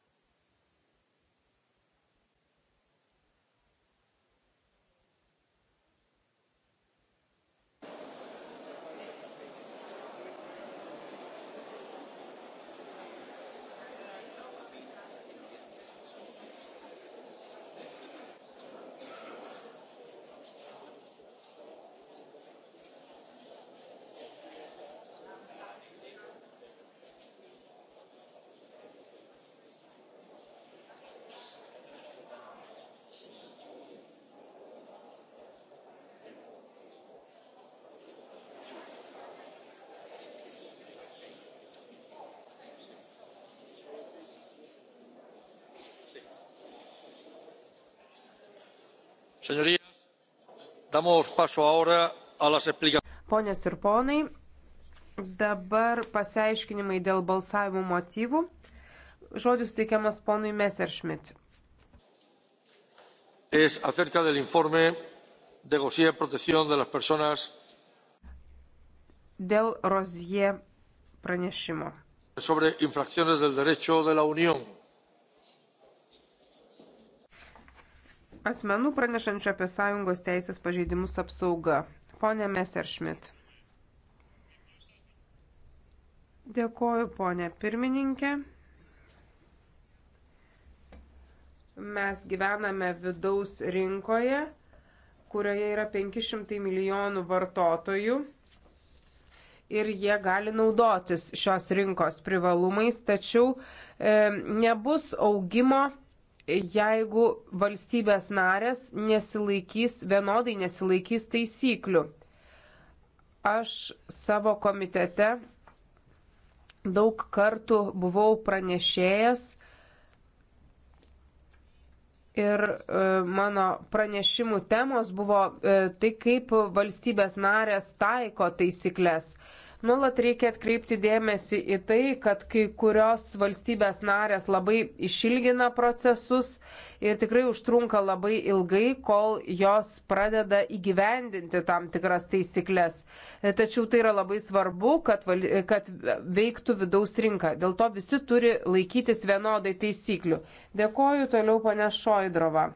Ponios ir ponai, dabar pasiaiškinimai dėl balsavimo motyvų. Žodis teikiamas ponui Messerschmidt. Es acerca del informe de Gosie protección de las personas. Del Rosie pranešimo. Sobre infracciones del derecho de la Unión asmenų pranešančių apie sąjungos teisės pažeidimus apsauga. Pone Messerschmidt. Dėkoju, ponė pirmininkė. Mes gyvename vidaus rinkoje, kurioje yra 500 milijonų vartotojų ir jie gali naudotis šios rinkos privalumais, tačiau e, nebus augimo jeigu valstybės narės nesilaikys, vienodai nesilaikys taisyklių. Aš savo komitete daug kartų buvau pranešėjęs ir e, mano pranešimų temos buvo e, tai, kaip valstybės narės taiko taisyklės. Nulat reikia atkreipti dėmesį į tai, kad kai kurios valstybės narės labai išilgina procesus ir tikrai užtrunka labai ilgai, kol jos pradeda įgyvendinti tam tikras taisyklės. Tačiau tai yra labai svarbu, kad, kad veiktų vidaus rinka. Dėl to visi turi laikytis vienodai taisyklių. Dėkoju toliau pane Šoidrova.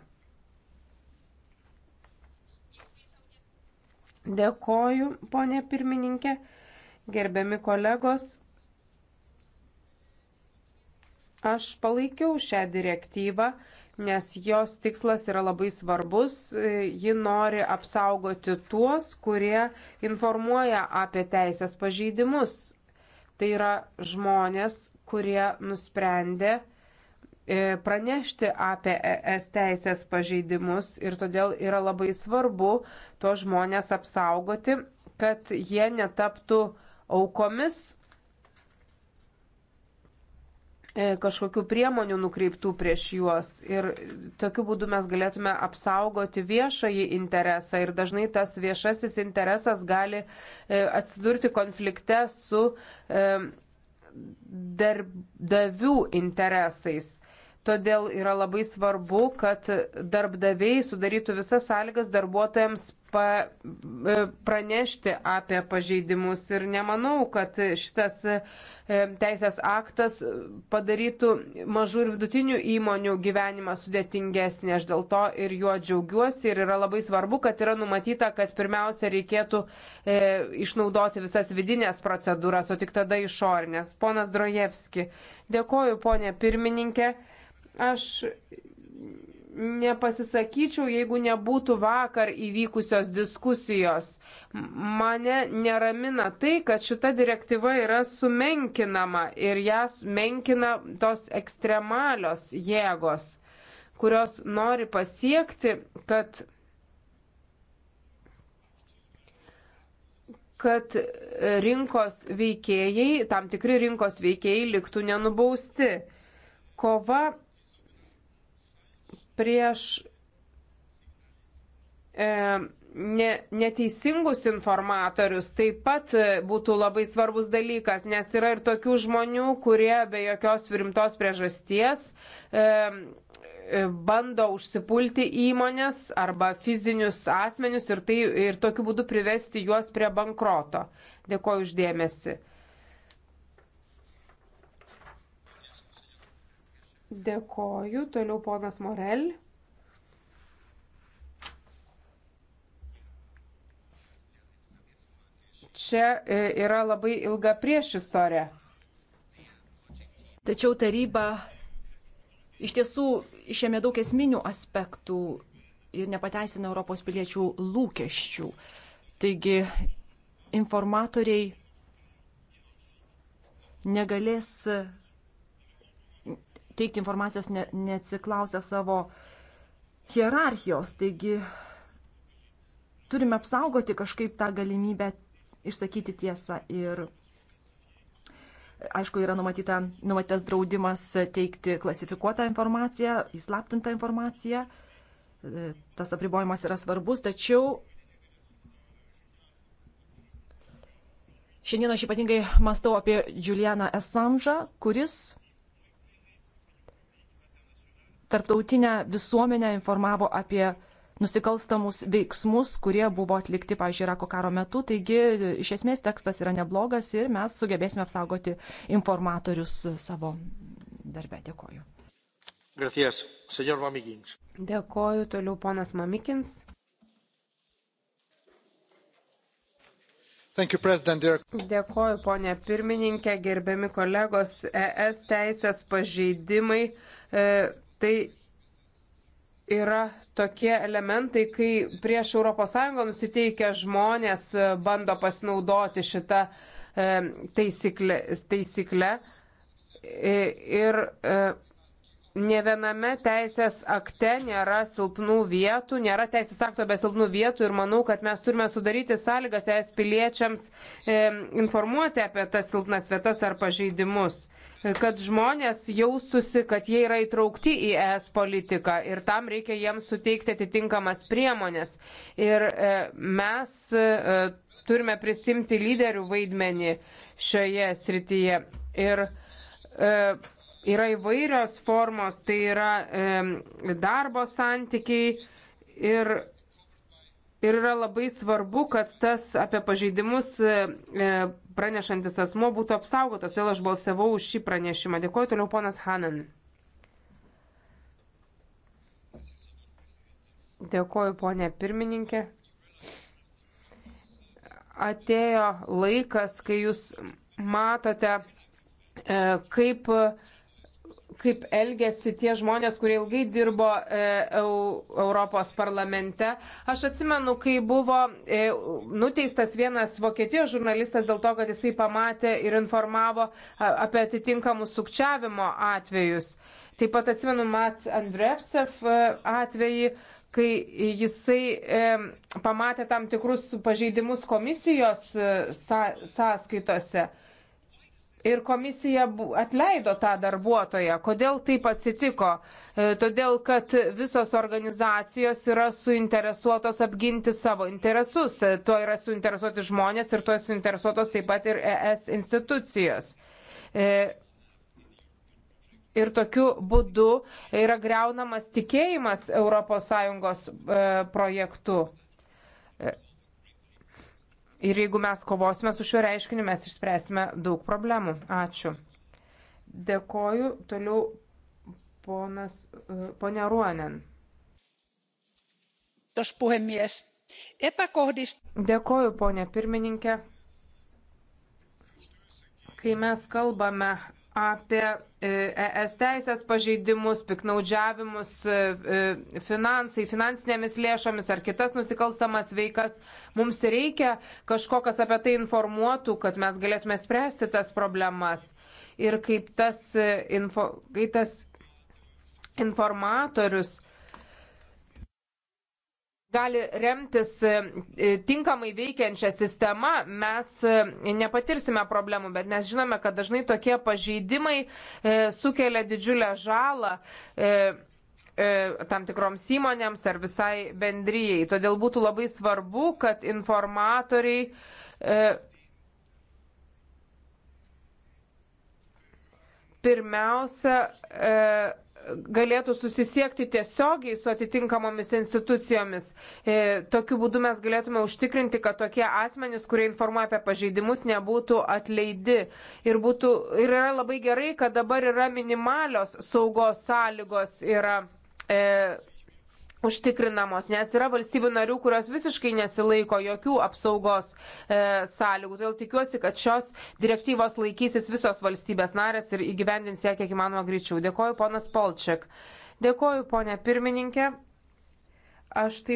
Dėkoju, ponė pirmininkė. Gerbiami kolegos, aš palaikiau šią direktyvą, nes jos tikslas yra labai svarbus. Ji nori apsaugoti tuos, kurie informuoja apie teisės pažeidimus. Tai yra žmonės, kurie nusprendė e, pranešti apie ES teisės pažeidimus ir todėl yra labai svarbu tuos žmonės apsaugoti, kad jie netaptų uh, aukomis e, kažkokių priemonių nukreiptų prieš juos. Ir tokiu būdu mes galėtume apsaugoti viešąjį interesą. Ir dažnai tas viešasis interesas gali e, atsidurti konflikte su e, darbdavių interesais. Todėl yra labai svarbu, kad darbdaviai sudarytų visas sąlygas darbuotojams pa, e, pranešti apie pažeidimus ir nemanau, kad šitas e, teisės aktas padarytų mažų ir vidutinių įmonių gyvenimą sudėtingesnį. Aš dėl to ir juo džiaugiuosi ir yra labai svarbu, kad yra numatyta, kad pirmiausia reikėtų e, išnaudoti visas vidinės procedūras, o tik tada išorinės. Ponas Drojevski, dėkoju ponė pirmininkė. Aš nepasisakyčiau, jeigu nebūtų vakar įvykusios diskusijos. Mane neramina tai, kad šita direktyva yra sumenkinama ir ją menkina tos ekstremalios jėgos, kurios nori pasiekti, kad kad rinkos veikėjai, tam tikri rinkos veikėjai liktų nenubausti. Kova prieš e, ne, neteisingus informatorius taip pat būtų labai svarbus dalykas, nes yra ir tokių žmonių, kurie be jokios rimtos priežasties e, e bando užsipulti įmonės arba fizinius asmenius ir, tai, ir tokiu būdu privesti juos prie bankroto. Dėkoju uždėmesi. Dėkoju. Toliau ponas Morel. Čia e, yra labai ilga priešistorė. Tačiau taryba iš tiesų išėmė daug esminių aspektų ir nepateisino Europos piliečių lūkesčių. Taigi informatoriai negalės teikti informacijos ne, neatsiklausę savo hierarchijos. Taigi turime apsaugoti kažkaip tą galimybę išsakyti tiesą ir Aišku, yra numatyta, numatytas draudimas teikti klasifikuotą informaciją, įslaptintą informaciją. Tas apribojimas yra svarbus, tačiau Šiandien aš ypatingai mąstau apie Julianą Assange'ą, kuris tarptautinę visuomenę informavo apie nusikalstamus veiksmus, kurie buvo atlikti, pažiūrėjau, Irako karo metu. Taigi, iš esmės, tekstas yra neblogas ir mes sugebėsime apsaugoti informatorius savo darbę. Dėkoju. Gracias, senor Mamikins. Dėkoju, toliau ponas Mamikins. Dėkoju, ponė pirmininkė, gerbiami kolegos, ES teisės pažeidimai. E, Tai yra tokie elementai, kai prieš ES nusiteikę žmonės bando pasinaudoti šitą taisyklę. taisyklę ir, ir e, Ne viename teisės akte nėra silpnų vietų, nėra teisės akto be silpnų vietų ir manau, kad mes turime sudaryti sąlygas es piliečiams e, informuoti apie tas silpnas vietas ar pažeidimus, e, kad žmonės jaustusi, kad jie yra įtraukti į es politiką ir tam reikia jiems suteikti atitinkamas priemonės. Ir e, mes e, turime prisimti lyderių vaidmenį šioje srityje. Ir e, yra įvairios formos, tai yra e, darbo santykiai ir, ir yra labai svarbu, kad tas apie pažeidimus e, e pranešantis asmo būtų apsaugotas. Todėl aš balsavau už šį pranešimą. Dėkuoju toliau ponas Hanan. Dėkuoju ponė pirmininkė. Atėjo laikas, kai jūs matote, e, kaip e, kaip elgėsi tie žmonės, kurie ilgai dirbo e, Europos parlamente. Aš atsimenu, kai buvo e, nuteistas vienas Vokietijos žurnalistas dėl to, kad jisai pamatė ir informavo apie atitinkamus sukčiavimo atvejus. Taip pat atsimenu Mats Andrevsev e, atvejį, kai jisai e, pamatė tam tikrus pažeidimus komisijos e, sa, sąskaitose. E, ir komisija atleido tą darbuotoją. Kodėl taip atsitiko? E, todėl, kad visos organizacijos yra suinteresuotos apginti savo interesus. E, tuo yra suinteresuoti žmonės ir tuo suinteresuotos taip pat ir ES institucijos. E, ir tokiu būdu yra greunamas tikėjimas ES projektu. Ir jeigu mes kovosime su šiuo reiškiniu, mes išspręsime daug problemų. Ačiū. Dėkoju. Toliau ponas, e, ponia Ruonen. Tos puhemies. Epäkohdist... Dėkoju, ponia pirmininkė. Kai mes kalbame apie ES e teisės pažeidimus, piknaudžiavimus e, e, finansai, finansinėmis lėšomis ar kitas nusikalstamas veikas. Mums reikia kažkokas apie tai informuotų, kad mes galėtume spręsti tas problemas. Ir kaip tas, info, kaip tas informatorius uh, gali remtis e, e, tinkamai veikiančią sistemą, mes e, nepatirsime problemų, bet mes žinome, kad dažnai tokie pažeidimai sukelia didžiulę žalą tam tikroms įmonėms ar visai bendryjei. Todėl būtų labai svarbu, kad informatoriai pirmiausia galėtų susisiekti tiesiogiai su atitinkamomis institucijomis. E, tokiu būdu mes galėtume užtikrinti, kad tokie asmenys, kurie informuoja apie pažeidimus, nebūtų atleidi. Ir, būtų, ir yra labai gerai, kad dabar yra minimalios saugos sąlygos. Yra, e, užtikrinamos, nes yra valstybių narių, kurios visiškai nesilaiko jokių apsaugos e, sąlygų. Todėl tikiuosi, kad šios direktyvos laikysis visos valstybės narės ir įgyvendins ją kiek įmanoma greičiau. Dėkoju, ponas Polčiak. Dėkoju, ponė pirmininkė. Aš taip